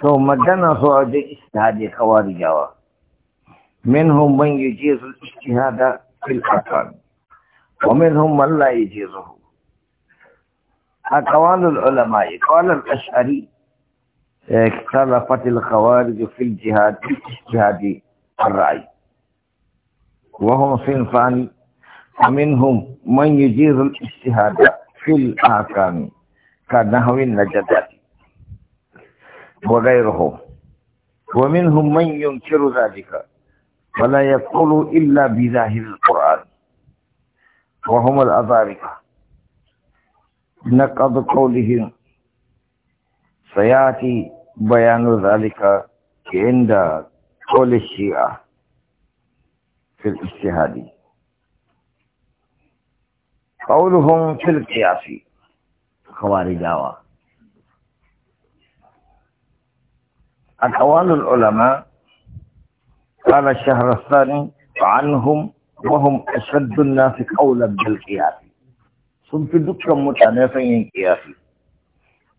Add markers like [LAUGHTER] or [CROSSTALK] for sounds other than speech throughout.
تو مدن su اجتهاد wajen istihadi منهم من يجيز الاجتهاد في الأقل ومنهم من لا يجيزه أقوال العلماء قال الأشعري اختلفت الخوارج في الجهاد في اجتهاد الرأي وهم صنفان منهم من يجيز الاجتهاد في الأحكام كنحو النجدات وغيرهم ومنهم من ينكر ذلك ولا يقول إلا بظاهر القرآن وهم الأذارقة نقض قولهم سيأتي بيان ذلك عند قول الشيعة في الاجتهاد قولهم في القياس خوارجاوه أقوال العلماء قال الشهر الثاني عنهم وهم أشد الناس قولا بالقياس sun fi dukkan قياسي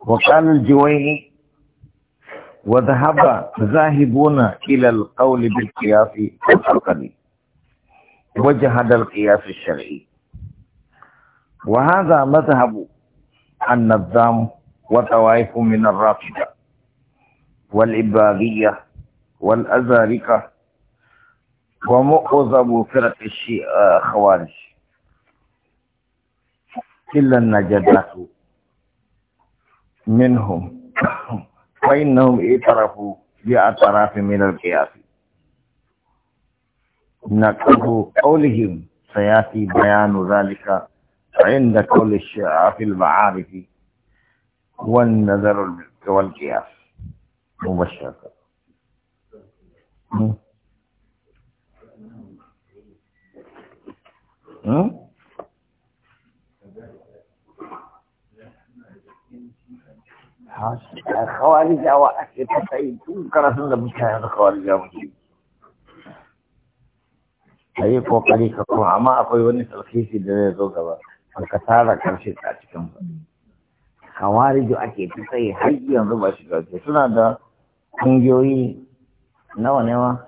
وقال yin وذهب ذاهبون إلى القول بالقياس wa dhahaba وجهد القياس الشرعي وهذا مذهب النظام وطوائف من الرافضه والإباغية والأزارقة ومؤذب فرق الشيء آه، خوارج إلا النجدات منهم فإنهم اعترفوا بأطراف من القياس نقض قولهم سيأتي بيان ذلك عند كل الشيعة في المعارف والنذر والقياس mubashshaka Kawari jawa ake ta sai tun karatun da mutane da kawari jawa ke. A yi kokari ka kuma amma akwai wani sarkisi da zai zo gaba. ka tara karshe a cikin kawari ake ta sai har yanzu ba shi suna da ƙungiyoyi nawa ne ma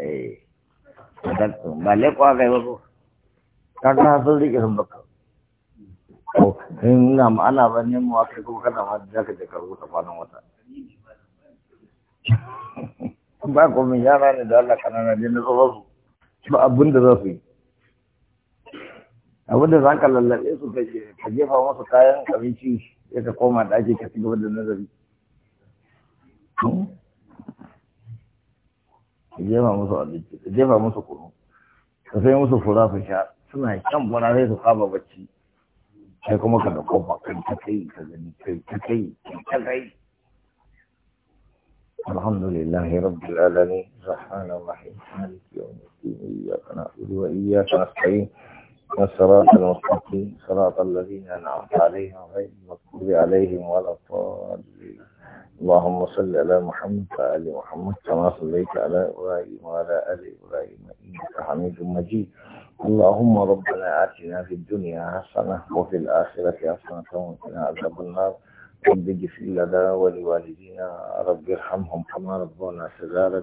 eh, ba lekwa kai ba ko kaga sun rike sun baka ko in na ma'ana ba ne mu aka kuma kana ma da ka je ka rubuta kwanan wata [LAUGHS] ba ko min yara ne da Allah kana na dinga tsoron su ba abin da za su yi abinda za ka lallaɓe su ka jefa masu kayan abinci ya ka koma ɗaki ka ci gaba da nazari ka jefa musu abinci ka jefa musu kunu ka sai musu fura su sha suna kyan bana sai su kama bacci sai kuma ka da kofa kai ta kai ka gani kai ta kai ta kai الحمد لله رب العالمين سبحانه وتعالى مالك يوم الدين اياك نعبد واياك نستعين والصراط المستقيم صراط الذين أنعمت عليهم غير المغضوب عليهم ولا الضالين اللهم صل على محمد وآل محمد كما صليت على إبراهيم وعلى آل إبراهيم إنك حميد مجيد اللهم ربنا آتنا في الدنيا حسنة وفي الآخرة حسنة وقنا عذاب النار رب اغفر لنا ولوالدينا رب ارحمهم كما ربونا صغارا